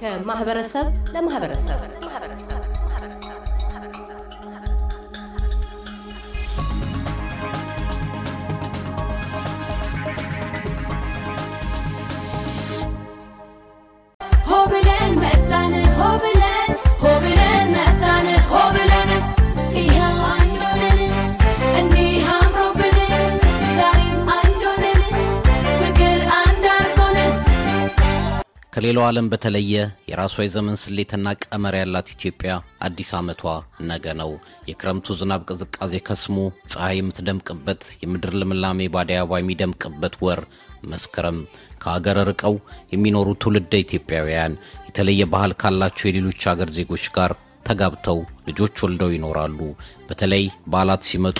ከማህበረሰብ ለማህበረሰብ ከሌላው ዓለም በተለየ የራሷ የዘመን ስሌትና ቀመር ያላት ኢትዮጵያ አዲስ ዓመቷ ነገ ነው። የክረምቱ ዝናብ ቅዝቃዜ ከስሙ ፀሐይ የምትደምቅበት የምድር ልምላሜ በአደይ አበባ የሚደምቅበት ወር መስከረም ከሀገር ርቀው የሚኖሩ ትውልደ ኢትዮጵያውያን የተለየ ባህል ካላቸው የሌሎች አገር ዜጎች ጋር ተጋብተው ልጆች ወልደው ይኖራሉ። በተለይ በዓላት ሲመጡ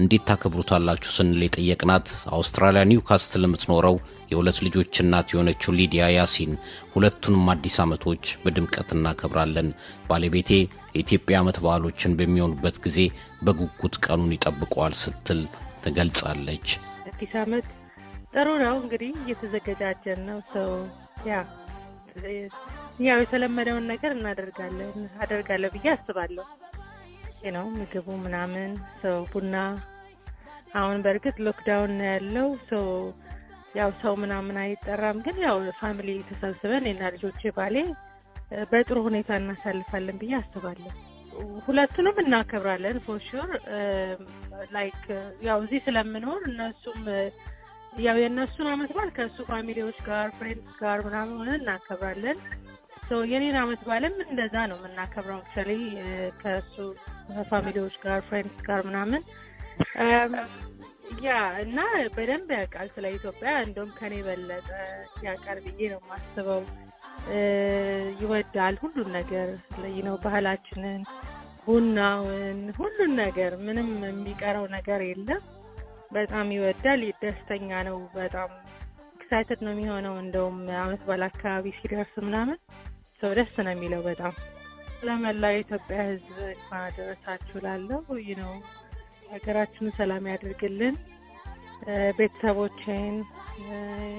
እንዴት ታከብሩታላችሁ ስንል የጠየቅናት አውስትራሊያ ኒውካስትል የምትኖረው የሁለት ልጆች እናት የሆነችው ሊዲያ ያሲን ሁለቱንም አዲስ ዓመቶች በድምቀት እናከብራለን። ባለቤቴ የኢትዮጵያ ዓመት በዓሎችን በሚሆኑበት ጊዜ በጉጉት ቀኑን ይጠብቀዋል ስትል ትገልጻለች። አዲስ ዓመት ጥሩ ነው እንግዲህ እየተዘገጃጀን ነው ሰው ያ ያው የተለመደውን ነገር እናደርጋለን አደርጋለሁ ብዬ አስባለሁ። ነው ምግቡ ምናምን ሰው ቡና አሁን በእርግጥ ሎክዳውን ያለው ሰው ያው ሰው ምናምን አይጠራም፣ ግን ያው ፋሚሊ ተሰብስበን እና ልጆቼ ባሌ በጥሩ ሁኔታ እናሳልፋለን ብዬ አስባለሁ። ሁለቱንም እናከብራለን ፎሹር ላይክ ያው እዚህ ስለምኖር እነሱም ያው የእነሱን አመት በዓል ከእሱ ፋሚሊዎች ጋር ፍሬንድስ ጋር ምናምን እናከብራለን። የኔን አመት በዓልም እንደዛ ነው የምናከብረው። ምሳሌ ከእሱ ከፋሚሊዎች ጋር ፍሬንድስ ጋር ምናምን ያ እና በደንብ ያውቃል ስለ ኢትዮጵያ። እንደውም ከኔ በለጠ ያውቃል ብዬ ነው የማስበው። ይወዳል ሁሉን ነገር ነው፣ ባህላችንን፣ ቡናውን፣ ሁሉን ነገር ምንም የሚቀረው ነገር የለም። በጣም ይወዳል። ደስተኛ ነው። በጣም ኤክሳይትድ ነው የሚሆነው። እንደውም አመት በዓል አካባቢ ሲደርስ ምናምን ሰው ደስ ነው የሚለው በጣም። ለመላው የኢትዮጵያ ህዝብ እንኳን አደረሳችሁ ላለው ነው። ሀገራችንን ሰላም ያደርግልን ቤተሰቦቼን፣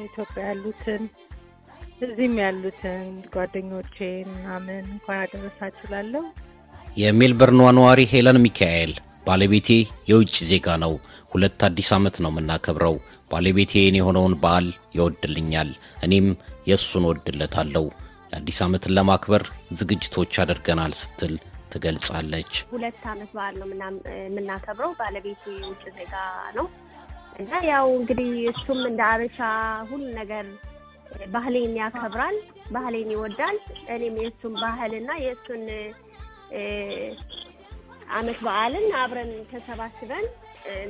ኢትዮጵያ ያሉትን፣ እዚህም ያሉትን ጓደኞቼን ምናምን እንኳን አደረሳችሁ ላለው። የሜልበርኗ ነዋሪ ሄለን ሚካኤል ባለቤቴ የውጭ ዜጋ ነው። ሁለት አዲስ ዓመት ነው የምናከብረው። ባለቤቴ የሆነውን በዓል ይወድልኛል፣ እኔም የእሱን ወድለታለሁ። የአዲስ ዓመትን ለማክበር ዝግጅቶች አድርገናል ስትል ትገልጻለች። ሁለት ዓመት በዓል ነው የምናከብረው። ባለቤቱ ውጭ ዜጋ ነው እና ያው እንግዲህ እሱም እንደ አበሻ ሁሉ ነገር ባህሌን ያከብራል፣ ባህሌን ይወዳል። እኔም የእሱን ባህል እና የእሱን ዓመት በዓልን አብረን ተሰባስበን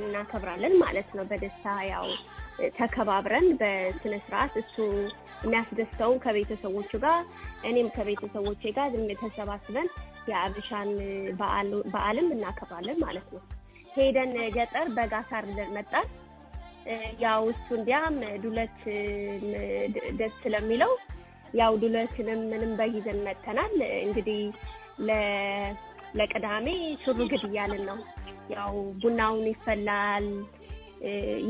እናከብራለን ማለት ነው። በደስታ ያው ተከባብረን በስነ ስርዓት እሱ የሚያስደስተውን ከቤተሰቦቹ ጋር እኔም ከቤተሰቦቼ ጋር ተሰባስበን የአብሻን በዓልም እናከብራለን ማለት ነው። ሄደን ገጠር በጋ አሳርደን መጣን። ያው እሱ እንዲያም ዱለት ደስ ስለሚለው ያው ዱለትንም ምንም በይዘን መተናል። እንግዲህ ለቅዳሜ ሹሩ ግድ እያልን ነው። ያው ቡናውን ይፈላል።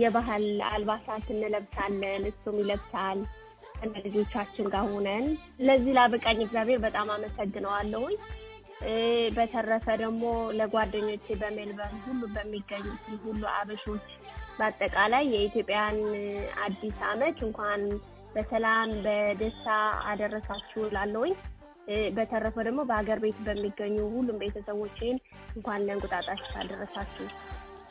የባህል አልባሳት እንለብሳለን፣ እሱም ይለብሳል። እንደ ልጆቻችን ጋር ሆነን ለዚህ ላበቃኝ እግዚአብሔር በጣም አመሰግነዋለሁኝ። በተረፈ ደግሞ ለጓደኞቼ በሜልበርን ሁሉ በሚገኙት ሁሉ አበሾች በአጠቃላይ የኢትዮጵያን አዲስ አመት እንኳን በሰላም በደስታ አደረሳችሁ ላለውኝ። በተረፈ ደግሞ በሀገር ቤት በሚገኙ ሁሉም ቤተሰቦችን እንኳን ለእንቁጣጣሽ አደረሳችሁ።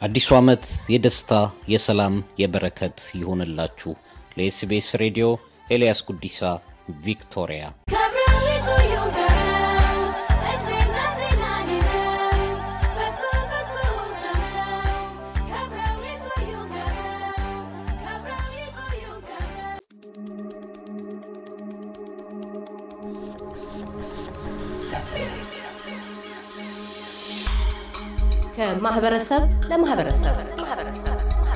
አዲሱ አመት የደስታ የሰላም፣ የበረከት ይሆንላችሁ። ለኤስቢኤስ ሬዲዮ elias guddisaa victoria ከማህበረሰብ ለማህበረሰብ